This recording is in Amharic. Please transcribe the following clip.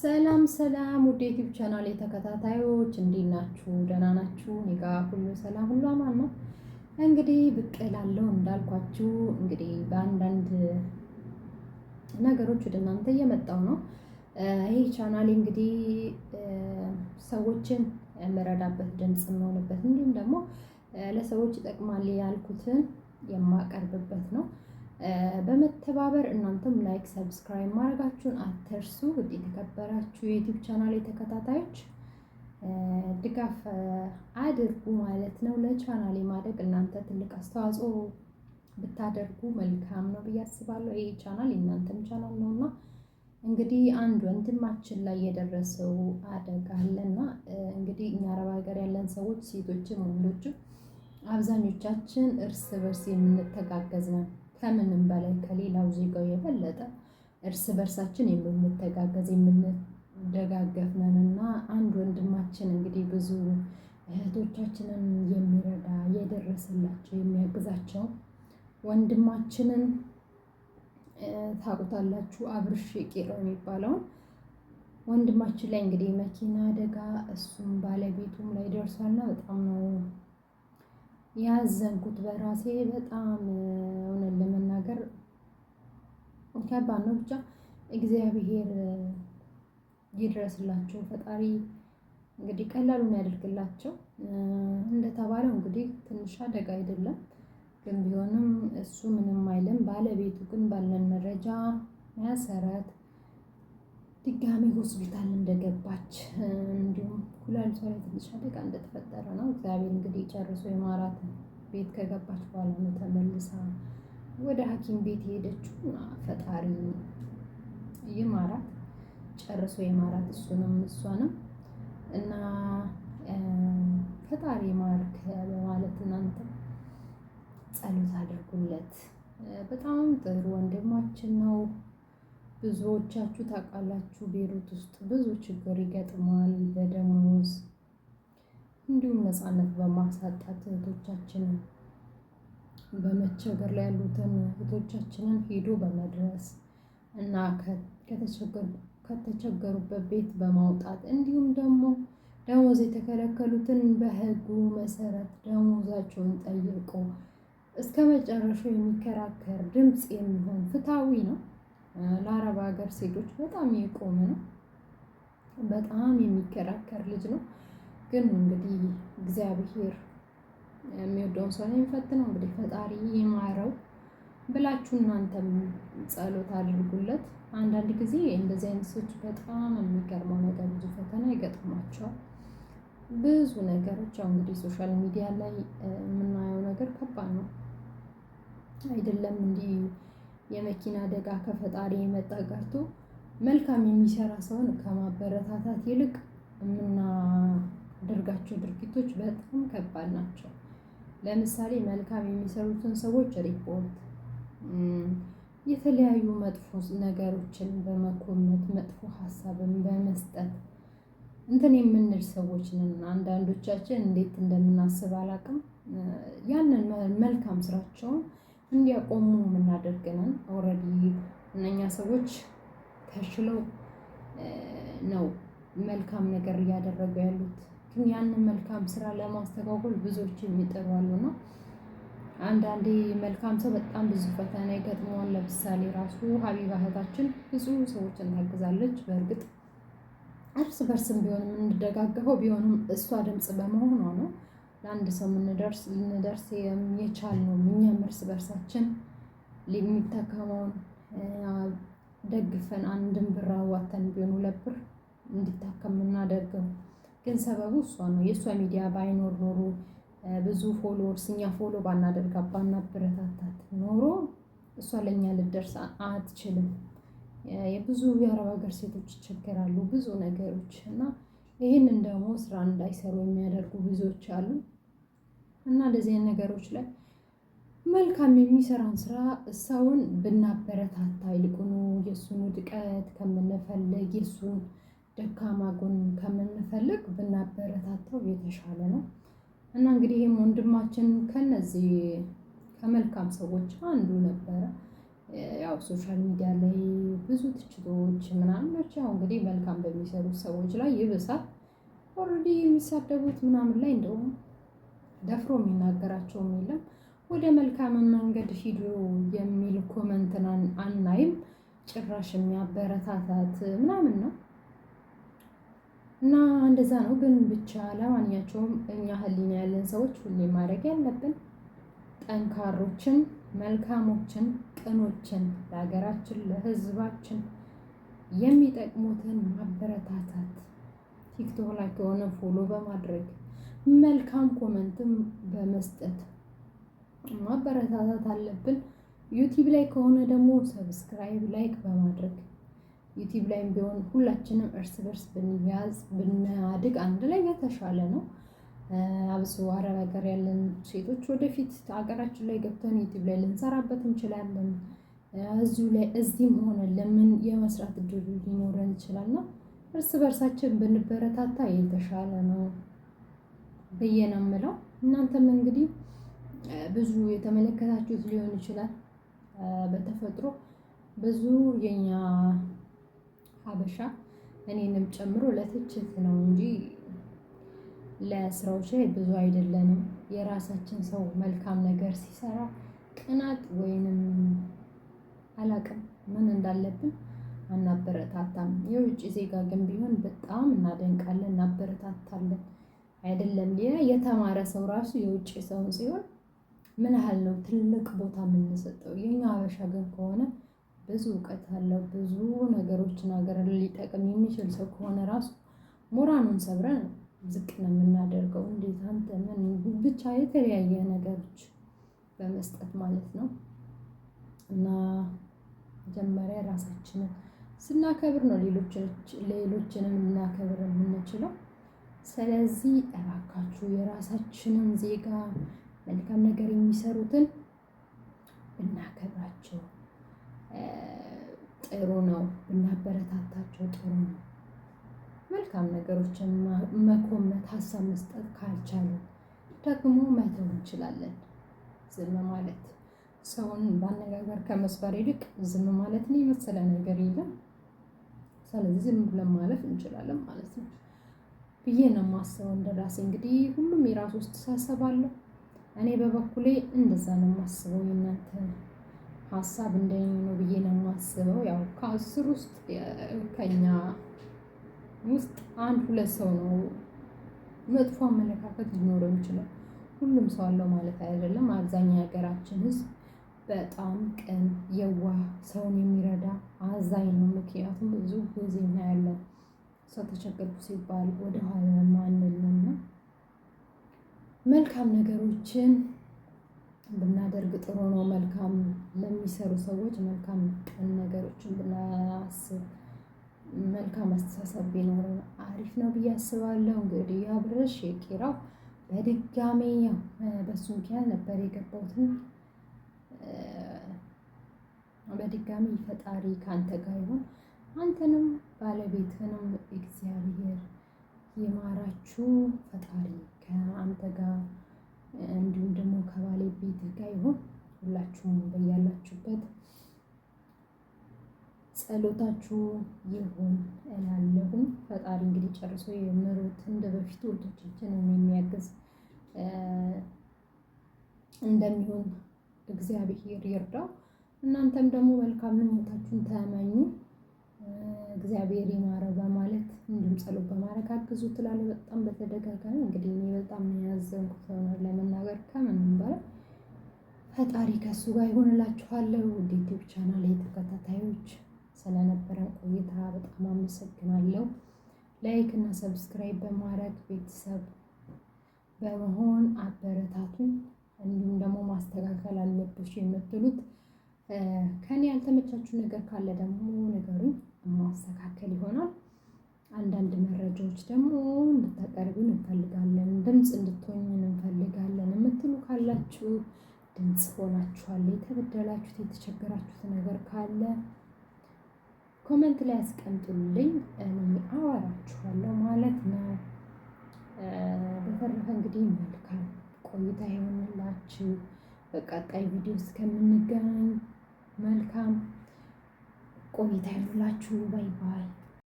ሰላም ሰላም ውድ ዩቲዩብ ቻናል የተከታታዮች እንዴት ናችሁ? ደህና ናችሁ? እኔ ጋ ሁሉ ሰላም ሁሉ አማን ነው። እንግዲህ ብቅ እላለሁ እንዳልኳችሁ እንግዲህ በአንዳንድ ነገሮች ወደ እናንተ ነው። ይህ ቻናል እንግዲህ ሰዎችን የምረዳበት ድምፅ የምሆንበት እንዲሁም ደግሞ ለሰዎች ይጠቅማል ያልኩትን የማቀርብበት ነው። በመተባበር እናንተም ላይክ፣ ሰብስክራይብ ማድረጋችሁን አትርሱ። ውድ የተከበራችሁ የዩቲዩብ ቻናል ተከታታዮች ድጋፍ አድርጉ ማለት ነው። ለቻናሌ ማደግ እናንተ ትልቅ አስተዋጽኦ ብታደርጉ መልካም ነው ብዬ አስባለሁ። ይህ ቻናል የእናንተም ቻናል ነው እና እንግዲህ አንድ ወንድማችን ላይ የደረሰው አደጋ አለና እንግዲህ እኛ አረብ ሀገር ያለን ሰዎች ሴቶችም ወንዶችም አብዛኞቻችን እርስ በርስ የምንተጋገዝ ነው። ከምንም በላይ ከሌላው ዜጋው የበለጠ እርስ በርሳችን የምንተጋገዝ የምንደጋገፍ ነን እና አንድ ወንድማችን እንግዲህ ብዙ እህቶቻችንን የሚረዳ የደረሰላቸው የሚያግዛቸው ወንድማችንን ታውቁታላችሁ፣ አብርሽ ቂሮ የሚባለውን ወንድማችን ላይ እንግዲህ መኪና አደጋ እሱም ባለቤቱም ላይ ደርሷልና በጣም ነው ያዘንኩት በራሴ በጣም እውነት ለመናገር ከባድ ነው። ብቻ እግዚአብሔር ይድረስላቸው ፈጣሪ እንግዲህ ቀላሉን ያደርግላቸው። እንደተባለው እንግዲህ ትንሽ አደጋ አይደለም፣ ግን ቢሆንም እሱ ምንም አይልም። ባለቤቱ ግን ባለን መረጃ መሰረት ድጋሚ ሆስፒታል እንደገባች እንዲሁም ኩላሊቷ ላይ ትንሽ አደጋ እንደተፈጠረ ነው። እግዚአብሔር እንግዲህ ጨርሶ የማራት ቤት ከገባች በኋላ ነው ተመልሳ ወደ ሐኪም ቤት የሄደችው። ፈጣሪ ይማራት ጨርሶ የማራት እሱንም እሷንም እና ፈጣሪ ማርክ በማለት እናንተ ጸሎት አድርጉለት። በጣም ጥሩ ወንድማችን ነው። ብዙዎቻችሁ ታውቃላችሁ፣ ቤሩት ውስጥ ብዙ ችግር ይገጥማል። በደሞዝ እንዲሁም ነፃነት በማሳጣት እህቶቻችንን በመቸገር ላይ ያሉትን እህቶቻችንን ሄዶ በመድረስ እና ከተቸገሩበት ቤት በማውጣት እንዲሁም ደግሞ ደሞዝ የተከለከሉትን በህጉ መሰረት ደሞዛቸውን ጠይቆ እስከ መጨረሻው የሚከራከር ድምፅ የሚሆን ፍትሐዊ ነው። ለአረብ ሀገር ሴቶች በጣም የቆመ ነው። በጣም የሚከራከር ልጅ ነው። ግን እንግዲህ እግዚአብሔር የሚወደውን ሰው ነው የሚፈትነው። እንግዲህ ፈጣሪ ይማረው ብላችሁ እናንተም ጸሎት አድርጉለት። አንዳንድ ጊዜ እንደዚህ አይነት ሰዎች በጣም የሚገርመው ነገር ብዙ ፈተና ይገጥማቸዋል። ብዙ ነገሮች አሁን እንግዲህ ሶሻል ሚዲያ ላይ የምናየው ነገር ከባድ ነው አይደለም እንዲህ የመኪና አደጋ ከፈጣሪ የመጣ ቀርቶ መልካም የሚሰራ ሰውን ከማበረታታት ይልቅ የምናደርጋቸው ድርጊቶች በጣም ከባድ ናቸው። ለምሳሌ መልካም የሚሰሩትን ሰዎች ሪፖርት፣ የተለያዩ መጥፎ ነገሮችን በመኮመት መጥፎ ሀሳብን በመስጠት እንትን የምንል ሰዎች ነን። አንዳንዶቻችን እንዴት እንደምናስብ አላውቅም። ያንን መልካም ስራቸውን እንዲያቆሙ የምናደርግ ነን። ኦልሬዲ እነኛ ሰዎች ተሽለው ነው መልካም ነገር እያደረጉ ያሉት። ግን ያንን መልካም ስራ ለማስተጓጎል ብዙዎች የሚጥሩ አሉና አንዳንዴ መልካም ሰው በጣም ብዙ ፈተና ይገጥመዋል። ለምሳሌ ራሱ ሀቢባ እህታችን ብዙ ሰዎችን ታግዛለች። በእርግጥ እርስ በርስም ቢሆንም እንደጋገፈው ቢሆንም እሷ ድምፅ በመሆኗ ነው ለአንድ ሰው ምንደርስ ልንደርስ ነው እኛም እርስ በርሳችን የሚታከመውን ደግፈን አንድን ብር አዋተን ቢሆን ሁለት ብር እንዲታከም እናደርገው። ግን ሰበቡ እሷ ነው። የእሷ ሚዲያ ባይኖር ኖሮ ብዙ ፎሎወርስ እኛ ፎሎ ባናደርጋ ባናበረታታት ኖሮ እሷ ለእኛ ልደርስ አትችልም። የብዙ የአረብ ሀገር ሴቶች ይቸገራሉ ብዙ ነገሮች እና ይህንን ደግሞ ስራ እንዳይሰሩ የሚያደርጉ ብዙዎች አሉ እና እንደዚህ ነገሮች ላይ መልካም የሚሰራን ስራ ሰውን ብናበረታታ ይልቁኑ የእሱን ውድቀት ከምንፈልግ የእሱን ደካማ ጎን ከምንፈልግ ብናበረታታው የተሻለ ነው እና እንግዲህ ይህም ወንድማችን ከነዚህ ከመልካም ሰዎች አንዱ ነበረ። ያው ሶሻል ሚዲያ ላይ ብዙ ትችቶች ምናምን ናቸው። እንግዲህ መልካም በሚሰሩት ሰዎች ላይ ይብሳል። ኦልሬዲ የሚሳደቡት ምናምን ላይ እንደውም ደፍሮ የሚናገራቸውም የለም። ወደ መልካም መንገድ ሂዱ የሚል ኮመንትን አናይም። ጭራሽ የሚያበረታታት ምናምን ነው እና እንደዛ ነው። ግን ብቻ ለማንኛቸውም እኛ ህሊና ያለን ሰዎች ሁሌ ማድረግ ያለብን ጠንካሮችን መልካሞችን፣ ቅኖችን ለሀገራችን ለህዝባችን የሚጠቅሙትን ማበረታታት ቲክቶክ ላይ ከሆነ ፎሎ በማድረግ መልካም ኮመንትም በመስጠት ማበረታታት አለብን። ዩቲብ ላይ ከሆነ ደግሞ ሰብስክራይብ፣ ላይክ በማድረግ ዩቲብ ላይም ቢሆን ሁላችንም እርስ በርስ ብንያዝ ብናድግ አንድ ላይ የተሻለ ነው። አብሶ አረብ ሀገር ያለን ሴቶች ወደፊት ሀገራችን ላይ ገብተን ዩቲብ ላይ ልንሰራበት እንችላለን። እዚሁ ላይ እዚህም ሆነ ለምን የመስራት እድሉ ሊኖረን ነው እርስ በርሳችን ብንበረታታ የተሻለ ነው ብዬ ነው የምለው። እናንተም እንግዲህ ብዙ የተመለከታችሁት ሊሆን ይችላል። በተፈጥሮ ብዙ የኛ ሀበሻ እኔንም ጨምሮ ለትችት ነው እንጂ ለስራዎች ላይ ብዙ አይደለንም። የራሳችን ሰው መልካም ነገር ሲሰራ ቅናት ወይንም አላቅም ምን እንዳለብን አናበረታታም። የውጭ ዜጋ ግን ቢሆን በጣም እናደንቃለን፣ እናበረታታለን። አይደለም ሌላ የተማረ ሰው ራሱ የውጭ ሰውን ሲሆን ምን ያህል ነው ትልቅ ቦታ የምንሰጠው? የኛ ሀበሻ ግን ከሆነ ብዙ እውቀት አለው ብዙ ነገሮችን ሀገር ሊጠቅም የሚችል ሰው ከሆነ ራሱ ሞራኑን ሰብረን ዝቅ ነው የምናደርገው። እንዴት አንተ ምን ብቻ የተለያየ ነገሮች በመስጠት ማለት ነው። እና መጀመሪያ ራሳችንን ስናከብር ነው ሌሎችንም ልናከብር የምንችለው። ስለዚህ እባካችሁ የራሳችንን ዜጋ መልካም ነገር የሚሰሩትን ብናከብራቸው ጥሩ ነው፣ ብናበረታታቸው ጥሩ ነው። መልካም ነገሮችን መኮመት፣ ሀሳብ መስጠት ካልቻልን ደግሞ መተው እንችላለን። ዝም ማለት ሰውን በአነጋገር ከመስበር ይልቅ ዝም ማለትን የመሰለ ነገር የለም። ስለዚህ ዝም ብለን ማለፍ እንችላለን ማለት ነው ብዬ ነው የማስበው። እንደራሴ እንግዲህ ሁሉም የራሱ ውስጥ አለው። እኔ በበኩሌ እንደዛ ነው የማስበው። የእናንተ ሀሳብ እንደኔ ነው ብዬ ነው የማስበው። ያው ከአስር ውስጥ ከኛ ውስጥ አንድ ሁለት ሰው ነው መጥፎ አመለካከት ሊኖረው ይችላል። ሁሉም ሰው አለው ማለት አይደለም። አብዛኛው የሀገራችን ሕዝብ በጣም ቅን፣ የዋህ፣ ሰውን የሚረዳ አዛኝ ነው። ምክንያቱም ብዙ ጊዜ ያለው ሰው ተቸገርኩ ሲባል ወደ ኋላ ማንልና መልካም ነገሮችን ብናደርግ ጥሩ ነው። መልካም ለሚሰሩ ሰዎች መልካም ቀን ነገሮችን ብናስብ መልካም አስተሳሰብ ቢኖረን አሪፍ ነው ብዬ አስባለሁ። እንግዲህ አብርሽ የቄራው በድጋሜ በሱ ምክንያት ነበር የገባሁትን። በድጋሚ ፈጣሪ ከአንተ ጋር ይሁን፣ አንተንም ባለቤትንም እግዚአብሔር የማራችሁ ፈጣሪ ከአንተ ጋር እንዲሁም ደግሞ ከባለቤት ጋር ይሁን። ሁላችሁም በያላችሁበት ጸሎታችሁ ይሁን እላለሁኝ። ፈጣሪ እንግዲህ ጨርሶ የምሩት እንደ በፊቱ ወቶቻችንን የሚያግዝ እንደሚሆን እግዚአብሔር ይርዳው። እናንተም ደግሞ መልካም ምኞታችሁን ተመኙ፣ እግዚአብሔር ይማረው በማለት እንዲሁም ጸሎት በማድረግ አግዙ ትላለ። በጣም በተደጋጋሚ እንግዲህ እኔ በጣም ያዘንኩት ሆኖ ለመናገር ከምንም በላይ ፈጣሪ ከእሱ ጋር ይሆንላችኋለሁ። ውድ ዩቲዩብ ቻናል የተከታታዮች ስለነበረን ቆይታ በጣም አመሰግናለሁ። ላይክ እና ሰብስክራይብ በማድረግ ቤተሰብ በመሆን አበረታቱን። እንዲሁም ደግሞ ማስተካከል አለብሽ የምትሉት ከኔ ያልተመቻችሁ ነገር ካለ ደግሞ ነገሩ ማስተካከል ይሆናል። አንዳንድ መረጃዎች ደግሞ እንድታቀርቡን እንፈልጋለን፣ ድምፅ እንድትሆኑን እንፈልጋለን የምትሉ ካላችሁ ድምፅ ሆናችኋል። የተበደላችሁት የተቸገራችሁት ነገር ካለ ኮመንት ላይ ያስቀምጡልኝ፣ እኔ አዋራችኋለሁ ማለት ነው። በተረፈ እንግዲህ መልካም ቆይታ ይሆንላችሁ። በቀጣይ ቪዲዮ እስከምንገናኝ መልካም ቆይታ ይሆንላችሁ። ባይ ባይ።